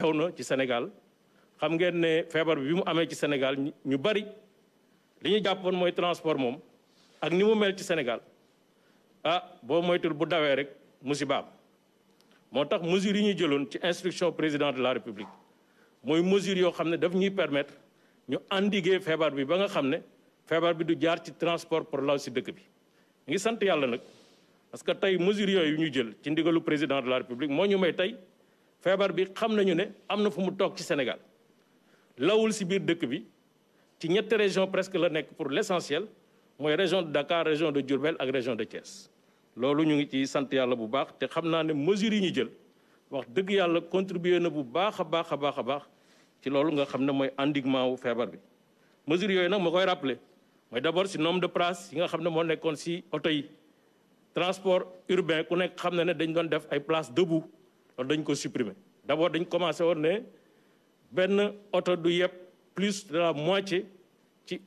xew na ci Sénégal xam ngeen ne feebar bi bi mu amee ci Sénégal ñu bari li ñu jàppoon mooy transport moom ak ni mu mel ci Sénégal ah boo moytul bu dawee rek musibaam moo tax mesures yi ñu jëloon ci instruction président de la République mooy mesures yoo xam ne daf ñuy permetre ñu endiguer feebar bi ba nga xam ne feebar bi du jaar ci transport pour law si dëkk bi ñu ngi sant yàlla nag parce que tey mesures yooyu ñu jël ci ndigalu président de la République moo ñu may tey feebar bi xam nañu ne am na fu mu toog ci Sénégal lawul si biir dëkk bi ci ñetti région presque la nekk pour l'essentiel mooy région de Dakar région de Diourbel ak région de Thiès loolu ñu ngi ci sant yàlla bu baax te xam naa ne mesures yi ñu jël wax dëgg yàlla contribuer na bu baax a baax a baax a baax ci loolu nga xam ne mooy endiguement wu feebar bi mesures yooyu nag moo koy rappeler mooy d'abord si nombre de places yi nga xam ne moo nekkoon si oto yi transport urbain ku nekk xam na ne dañ doon def ay places debout loolu dañ ko supprimer d' dañ commencé woon ne benn oto du yëpp plus de la ci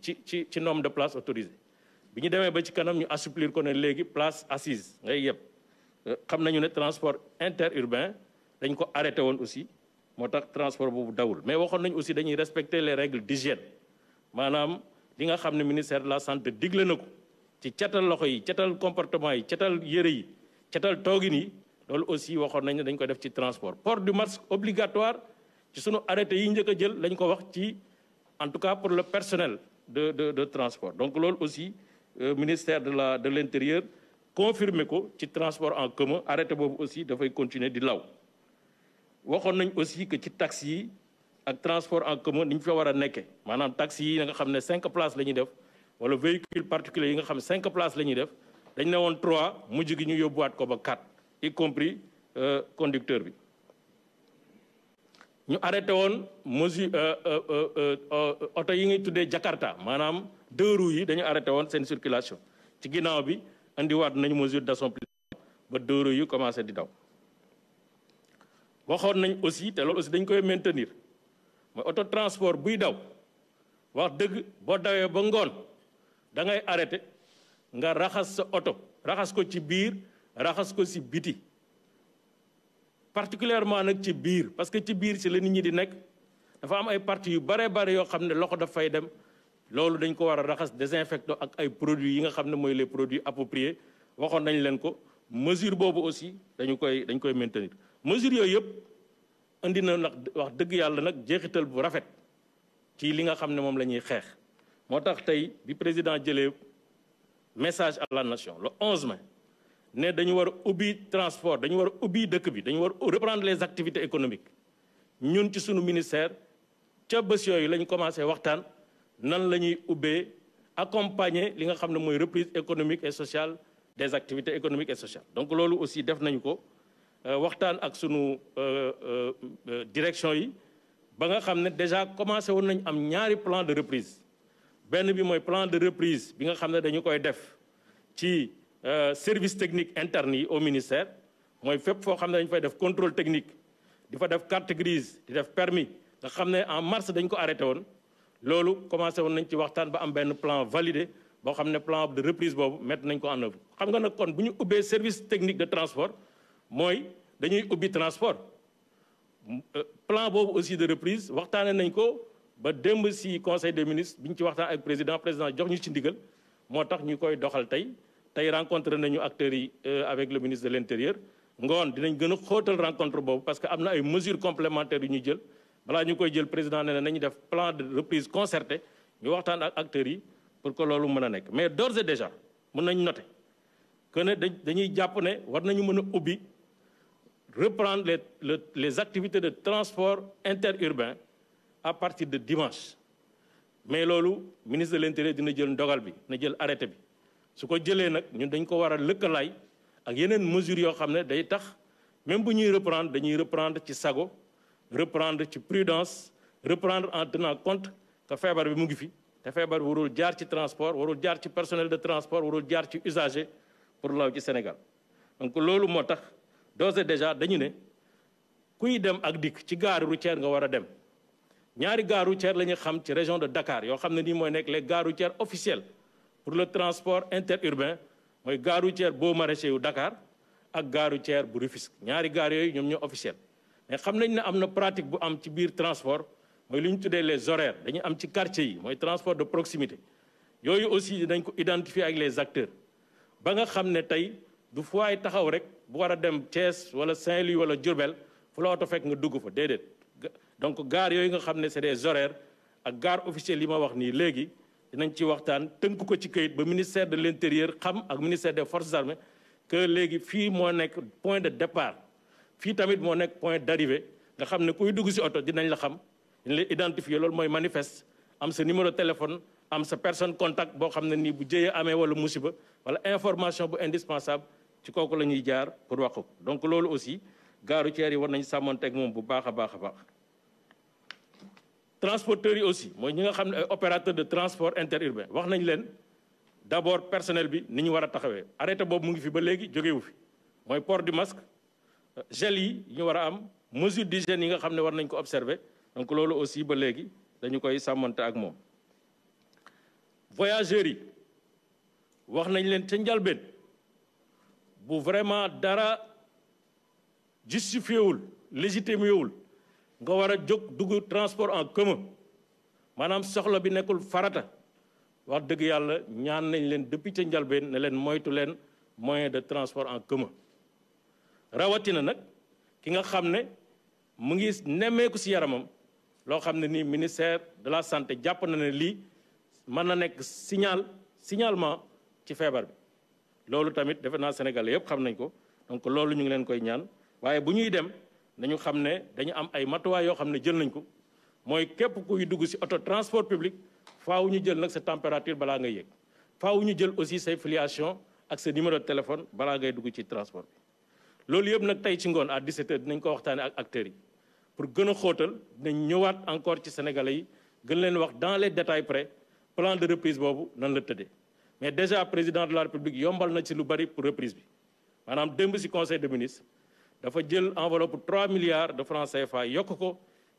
ci ci ci nombre de place autorisées bi ñu demee ba ci kanam ñu assouplir ko ne léegi place assise ngay yëpp euh, xam nañu ne transport interurbain dañ ko arrêté woon aussi moo tax transport boobu dawul mais waxoon nañu aussi dañuy respecter les règles d'hygiène maanaam li nga xam ne ministère la santé digle na ko ci cetal loxo yi cetal comportement yi cetal yére yi cetal toogin yi loolu aussi waxoon nañ ne dañ ko def ci transport port du masque obligatoire ci sunu arrêté yi njëkk a jël lañ ko wax ci en tout cas pour le personnel de de de transport donc loolu aussi euh, ministère de la de l'intérieur confirmé ko ci transport en commun arrêté boobu aussi dafay continuer di law waxoon nañ aussi que ci taxi yi ak transport en commun ni ñu fee war a nekkee maanaam taxi yi nga xam ne cinq place la ñuy def wala véhicule particulier yi nga xam ne cinq places la ñuy def dañ ne woon trois mujj gi ñu yóbbuwaat ko ba y compris euh, conducteur bi ñu arrêté woon mesure euh, euh, oto yi ngi tuddee Jakarta maanaam deux yi dañu arrêté woon seen circulation ci ginnaaw bi indiwaat nañu mesure d'assouplissement ba deux roues yi commencé di daw waxoon nañ aussi te loolu dañ koy maintenir mooy auto transport buy daw wax dëgg boo dawee ba ngoon da ngay arrêté nga raxas sa oto raxas ko ci biir raxas ko si biti particulièrement nag ci biir parce que ci biir si la nit ñi di nekk dafa am ay parties yu bare bare yoo xam ne loxo daf fay dem loolu dañ ko war a raxas désinfectant ak ay produits yi nga xam ne mooy les produit appropriés waxoon nañ leen ko mesure boobu aussi dañu koy dañ koy maintenir mesure yooyu yëpp indi na nag wax dëgg yàlla nag jeexital bu rafet ci li nga xam ne moom la ñuy xeex moo tax tey bi président jëlee message à la nation ne dañu war a ubbi transport dañu war a ubbi dëkk bi dañu war a reprendre les activités économiques ñun ci suñu ministère ca bés yooyu la ñu commencé waxtaan nan la ñuy ubbee accompagner li nga xam ne mooy reprise économique et sociale des activités économiques et sociales. donc loolu aussi def nañu ko euh, waxtaan ak sunu euh, euh, direction yi ba nga xam ne déjà commencé woon nañu am ñaari plan de reprise benn bi mooy plan de reprise bi nga xam ne dañu koy def ci. Euh, service technique interne yi au ministère mooy fépp foo xam ne dañu fay def contrôle technique di fa def carte grise di def permis nga xam ne en mars dañ ko arrêté woon loolu commencé woon nañ ci waxtaan ba am benn plan validé boo xam ne plan de reprise boobu mettre nañ ko en œuvre xam nga nag kon bu ñu ubbee service technique de transport mooy dañuy ubbi transport euh, plan boobu aussi de reprise waxtaanee nañ ko ba démb si conseil des ministre bi ñu ci waxtaan ak président président jox ñu ci ndigal moo tax ñu koy doxal tey tey rencontré nañu acteurs yi euh, avec le ministre de l' intérieur ngoon dinañ gën a xóotal rencontre boobu parce que am na ay mesures complémentaires yu ñu jël balaa ñu koy jël président nee na nañu def plan de reprise concerté ñu waxtaan ak acteurs yi pour que loolu mën a nekk mais d'ores et déjà mën nañ noter que ne dañuy jàpp ne war nañu mën a ubbi reprendre les les activités de transport interurbain à partir de dimanche mais loolu ministre de l'intérieur dina jël ndogal bi na jël arrêté bi su ko jëlee nag ñun dañ ko war a lëkkalaay ak yeneen mesures yoo xam ne day tax même bu ñuy reprendre dañuy reprendre ci sago reprendre ci prudence reprendre en tenant compte que feebar bi mu ngi fi te feebar bi warul jaar ci transport warul jaar ci personnel de transport warul jaar ci usager pour law ci Sénégal donc loolu moo tax d'ores et déjà dañu ne kuy dem ak dikk ci gare routière nga war a dem ñaari gare routière la ñu xam ci région de Dakar yoo xam ne nii mooy nekk les gares routières officielles pour le transport interurbain mooy gare routière boo Maraîchers yu dakaar ak gare routière bu Rufisque ñaari gares yooyu ñoom ñoo officiel mais xam nañ ne am na pratique bu am ci biir transport mooy li ñu tuddee les horaires dañu am ci quartier yi mooy transport de proximité yooyu aussi dañ ko identifier ak les acteurs ba nga xam ne tey du fooy taxaw rek bu war a dem Thiès wala Saint-Louis wala Diourbel fu la oto fekk nga dugg fa déedéet donc gare yooyu nga xam ne c'est des horaires ak gare officielle yi ma wax nii léegi dinañ ci waxtaan tënk ko ci kayit ba ministère de l'intérieur xam ak ministère de forces armées que léegi fii moo nekk point de départ fii tamit moo nekk point d'arrivée nga xam ne kuy dugg ci oto dinañ la xam dinañ la identifier loolu mooy manifeste am sa numéro téléphone am sa personne contact boo xam ne nii bu jëyee amee wala musiba wala information bu indispensable ci kooku la ñuy jaar pour wax ko donc loolu aussi gaaru ceer yi war nañ sàmmonte moom bu baax a baax a baax transporteurs yi aussi mooy ñi nga xam ne ay opérateur de transport interurbain wax nañ leen d' abord personnel bi ni ñu war a taxawee arrêté boobu mu ngi fi ba léegi jógewu fi mooy port du masque euh, gel yi ñu war a am mesure d'hygiène yi nga xam ne war nañ ko observer donc loolu aussi ba léegi dañu koy sàmmante ak moom voyageurs yi wax nañ leen ca njalbeen bu vraiment dara justifié wul légitimé wul nga war a jóg dugg transport en commun maanaam soxla bi nekkul farata wax dëgg yàlla ñaan nañ leen depuis ca njalbeen ne leen moytu leen moyen de transport en commun rawatina nag ki nga xam ne mu ngi nemmeeku si yaramam loo xam ne nii ministère de la santé jàpp na ne lii mën na nekk signal signalement ci feebar bi loolu tamit defe naa Sénégal yëpp xam nañ ko donc loolu ñu ngi leen koy ñaan waaye bu ñuy dem nañu xam ne dañu am ay matuwaay yoo xam ne jël nañ ko mooy képp kuy dugg ci auto transport public faaw ñu jël nag sa température balaa ngay yëg faaw ñu jël aussi say filiation ak sa numéro de téléphone balaa ngay dugg ci transport bi. loolu yëpp nag tey ci ngoon à 17 dinañ ko waxtaanee ak acteur yi pour gën a xóotal dinañ ñëwaat encore ci sénégalais yi gën leen wax dans les détails près plan de reprise boobu nan la tëddee mais déjà président de la république yombal na ci lu bari pour reprise bi maanaam démb ci conseil des ministres. dafa jël enveloppe 3 milliards de francs CFA yokk ko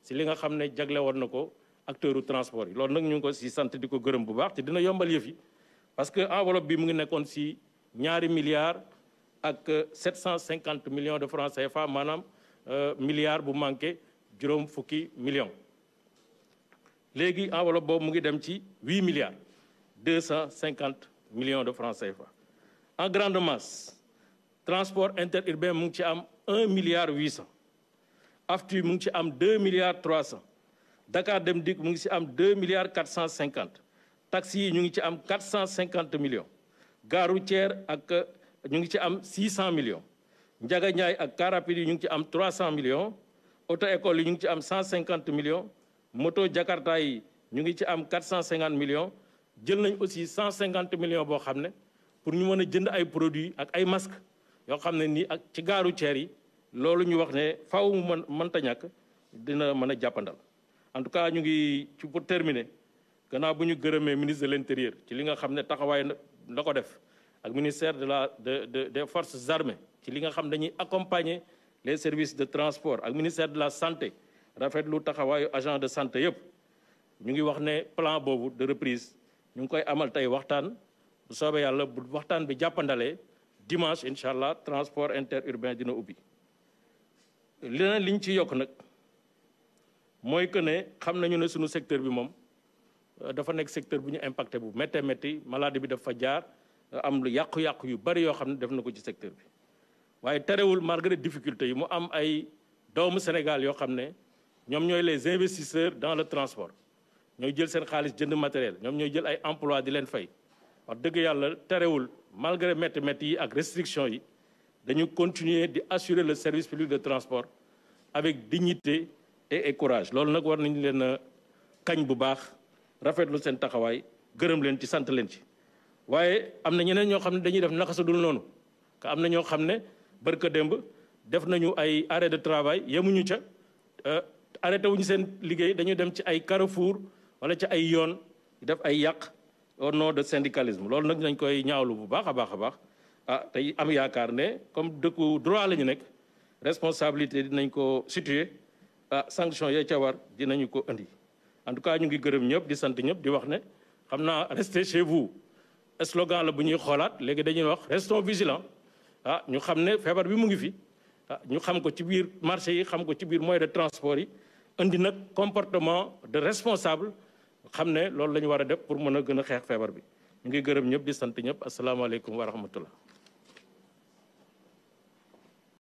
si li nga xam ne jagle woon na ko acteur transport yi loolu nag ñu ngi ko si sant di ko gërëm bu baax te dina yombal yëf yi parce que enveloppe bi mu ngi nekkoon si ñaari milliards ak 750 millions de francs CFA maanaam euh, milliard bu manqué juróom fukki millions léegi enveloppe boobu mu ngi dem ci 8 milliards 250 millions de francs CFA en grande masse transport interurbain mu ngi ci am un milliard huit cent AFTU mu ngi ci am deux milliards trois cent Dakar Dem Dikk mu ngi ci am deux milliards quatre cent cinquante taxi yi ñu ngi ci am quatre cent cinquante millions gare routière ak euh, ñu ngi ci am six cent millions Ndiaga Ndiaye ak car yi ñu ngi ci am trois cent millions auto yi ñu ngi ci am cent cinquante millions moto Jakarta yi ñu ngi ci am quatre cent cinquante millions jël nañ aussi cent cinquante millions boo xam ne pour ñu mën a jënd ay produits ak ay masques. yoo xam ne nii ak ci gaaru ceer yi loolu ñu wax ne faw mu mën mënta dina mën a jàppandal en tout cas ñu ngi ci pour terminer gannaaw bu ñu gërëmee ministre de l'intérieur ci li nga xam ne taxawaay la ko def ak ministère de la de de des forces armées ci li xam dañuy accompagner les services de transport ak ministère de la santé rafetlu taxawaayu agent de santé yëpp ñu ngi wax ne plan boobu de reprise ñu ngi koy amal tey waxtaan bu soobee yàlla bu waxtaan bi jàppandalee dimanche incha allah transport interurbain dina ubbi leneen liñ ci yokk nag mooy que ne xam nañu ne suñu secteur bi moom euh, dafa nekk secteur bu ñu impacté bu méttee métti maladie bi dafa jaar euh, am lu yàqu-yàqu yu bari yoo xam ne def na ko ci secteur bi waaye terewul malgré difficulté yi mu am ay doomu Sénégal yoo xam ne ñoom ñooy les investisseurs dans le transport ñooy jël seen xaalis jënd matériel ñoom ñooy jël ay emploi di leen fay wax dëgg yàlla terewul malgré métti métti yi ak restriction yi dañu continuer di assurer le service public de transport avec dignité et courage loolu nag war nañu leen a kañ bu baax rafetlu seen taxawaay gërëm leen ci sant leen ci waaye am na ñeneen ñoo xam ne dañuy def naka noonu ka am na ñoo xam ne barka démb def nañu ay arrêt de travail yemuñu ca euh, arrêté wuñu seen liggéey dañuy dem ci ay carrefour wala ci ay yoon def ay yàq au nom de syndicalisme loolu nag nañ koy ñaawlu bu baax a baax a baax ah tey am yaakaar ne comme dëkku droit la ñu nekk responsabilité dinañ ko situer ah sanction yee ca war dinañu ko indi en tout cas ñu ngi gërëm ñëpp di sant ñëpp di wax ne xam naa restez chez slogan la bu ñuy xoolaat léegi dañuy wax restons vigilants ah ñu xam ne feebar bi mu ngi fi ah, ñu xam ko ci biir marché yi xam ko ci biir moyen de transport yi indi nag comportement de responsable xam ne loolu la ñu war a def pour mën a gën a xeex feebar bi ñu ngi gërëm ñëpp di sant ñëpp asalaamaaleykum wa rahmatullah